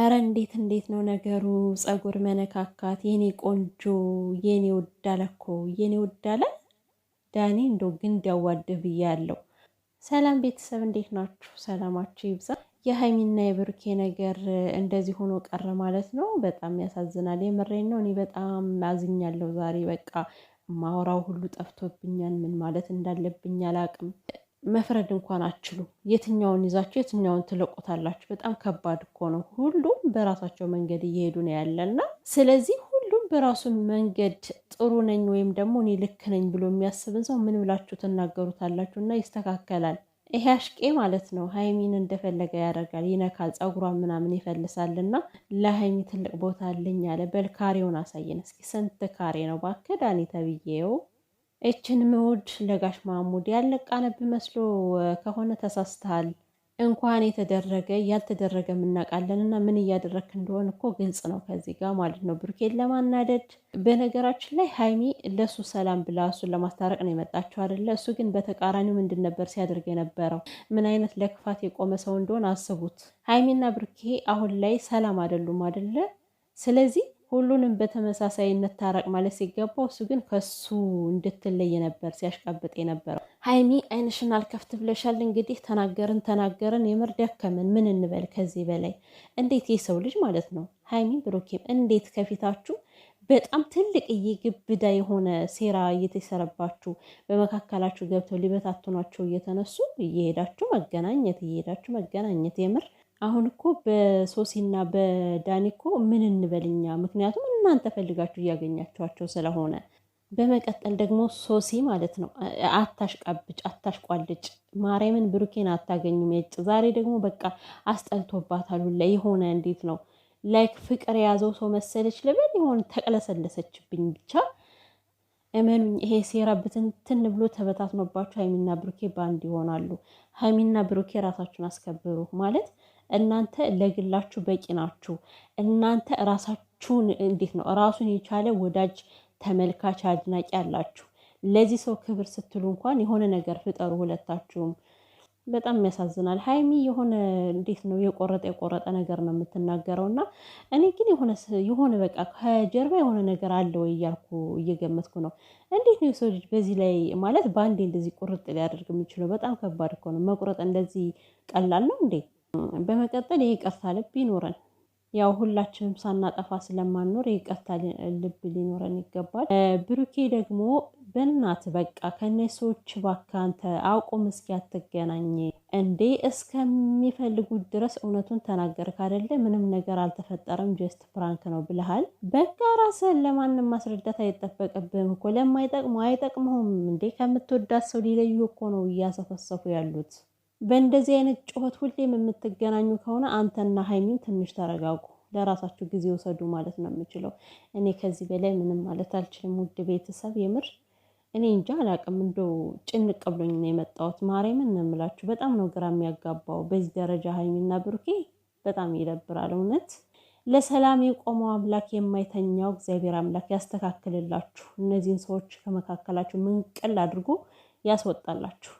እረ እንዴት እንዴት ነው ነገሩ? ጸጉር መነካካት የኔ ቆንጆ የኔ ወዳለ እኮ የኔ ወዳለ ዳኒ እንዶ ግን ዳዋድህ ብያለሁ። ሰላም ቤተሰብ እንዴት ናችሁ? ሰላማችሁ ይብዛ። የሀይሚና የብሩኬ ነገር እንደዚህ ሆኖ ቀረ ማለት ነው። በጣም ያሳዝናል። የምሬን ነው። እኔ በጣም አዝኛለሁ ዛሬ። በቃ ማውራው ሁሉ ጠፍቶብኛል። ምን ማለት እንዳለብኝ አላቅም። መፍረድ እንኳን አችሉ የትኛውን ይዛችሁ የትኛውን ትለቁታላችሁ? በጣም ከባድ እኮ ነው። ሁሉም በራሳቸው መንገድ እየሄዱ ነው ያለና ስለዚህ ሁሉም በራሱ መንገድ ጥሩ ነኝ ወይም ደግሞ እኔ ልክ ነኝ ብሎ የሚያስብን ሰው ምን ብላችሁ ትናገሩታላችሁ? እና ይስተካከላል። ይሄ አሽቄ ማለት ነው ሀይሚን እንደፈለገ ያደርጋል፣ ይነካል፣ ጸጉሯን ምናምን ይፈልሳል። እና ለሀይሚ ትልቅ ቦታ አለኝ አለ። በል ካሬውን አሳየን እስኪ። ስንት ካሬ ነው ባክህ ዳኒ ተብዬው? እችን ምውድ ለጋሽ ማሙድ ያለቃነብ መስሎ ከሆነ ተሳስተሃል። እንኳን የተደረገ ያልተደረገ የምናውቃለን እና ምን እያደረክ እንደሆን እኮ ግልጽ ነው ከዚህ ጋር ማለት ነው ብሩኬን ለማናደድ በነገራችን ላይ ሀይሚ ለእሱ ሰላም ብላ እሱን ለማስታረቅ ነው የመጣችው አይደለ እሱ ግን በተቃራኒው ምንድን ነበር ሲያደርግ የነበረው ምን አይነት ለክፋት የቆመ ሰው እንደሆን አስቡት ሀይሚና ብሩኬ አሁን ላይ ሰላም አይደሉም አይደለ ስለዚህ ሁሉንም በተመሳሳይነት ታረቅ ማለት ሲገባው እሱ ግን ከሱ እንድትለይ ነበር ሲያሽቃብጥ የነበረው። ሀይሚ አይንሽን አልከፍት ብለሻል። እንግዲህ ተናገርን ተናገርን፣ የምር ከምን ምን እንበል ከዚህ በላይ እንዴት የሰው ልጅ ማለት ነው። ሀይሚ ብሩኬም እንዴት ከፊታችሁ በጣም ትልቅዬ ግብዳ የሆነ ሴራ እየተሰረባችሁ በመካከላችሁ ገብተው ሊበታትኗቸው እየተነሱ እየሄዳችሁ መገናኘት እየሄዳችሁ መገናኘት የምር አሁን እኮ በሶሲና በዳኒ እኮ ምን እንበልኛ? ምክንያቱም እናንተ ፈልጋችሁ እያገኛችኋቸው ስለሆነ በመቀጠል ደግሞ ሶሲ ማለት ነው አታሽቃብጭ፣ አታሽቋልጭ፣ ማርያምን ብሩኬን አታገኙም። የጭ ዛሬ ደግሞ በቃ አስጠልቶባታል ሁላ የሆነ እንዴት ነው ላይክ ፍቅር የያዘው ሰው መሰለች ልበል የሆነ ተቅለሰለሰችብኝ። ብቻ እመኑኝ ይሄ ሴራ ብትንትን ብሎ ተበታትኖባቸው ሀይሚና ብሩኬ በአንድ ይሆናሉ። ሀይሚና ብሩኬ ራሳችሁን አስከብሩ ማለት እናንተ ለግላችሁ በቂ ናችሁ። እናንተ ራሳችሁን እንዴት ነው ራሱን የቻለ ወዳጅ፣ ተመልካች፣ አድናቂ አላችሁ። ለዚህ ሰው ክብር ስትሉ እንኳን የሆነ ነገር ፍጠሩ ሁለታችሁም። በጣም ያሳዝናል። ሀይሚ የሆነ እንዴት ነው የቆረጠ የቆረጠ ነገር ነው የምትናገረው እና እኔ ግን የሆነ በቃ ከጀርባ የሆነ ነገር አለ ወይ እያልኩ እየገመትኩ ነው። እንዴት ነው የሰው ልጅ በዚህ ላይ ማለት በአንዴ እንደዚህ ቁርጥ ሊያደርግ የሚችለው? በጣም ከባድ እኮ ነው። መቁረጥ እንደዚህ ቀላል ነው እንዴ? በመቀጠል የይቅርታ ልብ ይኖረን። ያው ሁላችንም ሳናጠፋ ስለማንኖር ይቅርታ ልብ ሊኖረን ይገባል። ብሩኬ ደግሞ በእናት በቃ ከእነዚህ ሰዎች እባክህ አንተ አቁም፣ እስኪ አትገናኝ እንዴ እስከሚፈልጉት ድረስ እውነቱን ተናገርክ አይደለ? ምንም ነገር አልተፈጠረም፣ ጀስት ፕራንክ ነው ብለሃል። በቃ ራስህን ለማንም ማስረዳት አይጠበቅብህም እኮ ለማይጠቅሙ አይጠቅመውም እንዴ ከምትወዳት ሰው ሊለዩ እኮ ነው እያሰፈሰፉ ያሉት። በእንደዚህ አይነት ጩኸት ሁሌም የምትገናኙ ከሆነ አንተና ሀይሚን ትንሽ ተረጋጉ፣ ለራሳችሁ ጊዜ ውሰዱ ማለት ነው የምችለው። እኔ ከዚህ በላይ ምንም ማለት አልችልም። ውድ ቤተሰብ የምር እኔ እንጃ አላቅም። እንደው ጭንቅ ብሎኝ ነው የመጣሁት። ማርያምን ነው የምላችሁ። በጣም ነው ግራ የሚያጋባው በዚህ ደረጃ ሀይሚና ብሩኬ። በጣም ይደብራል እውነት። ለሰላም የቆመው አምላክ የማይተኛው እግዚአብሔር አምላክ ያስተካክልላችሁ። እነዚህን ሰዎች ከመካከላችሁ ምንቅል አድርጎ ያስወጣላችሁ።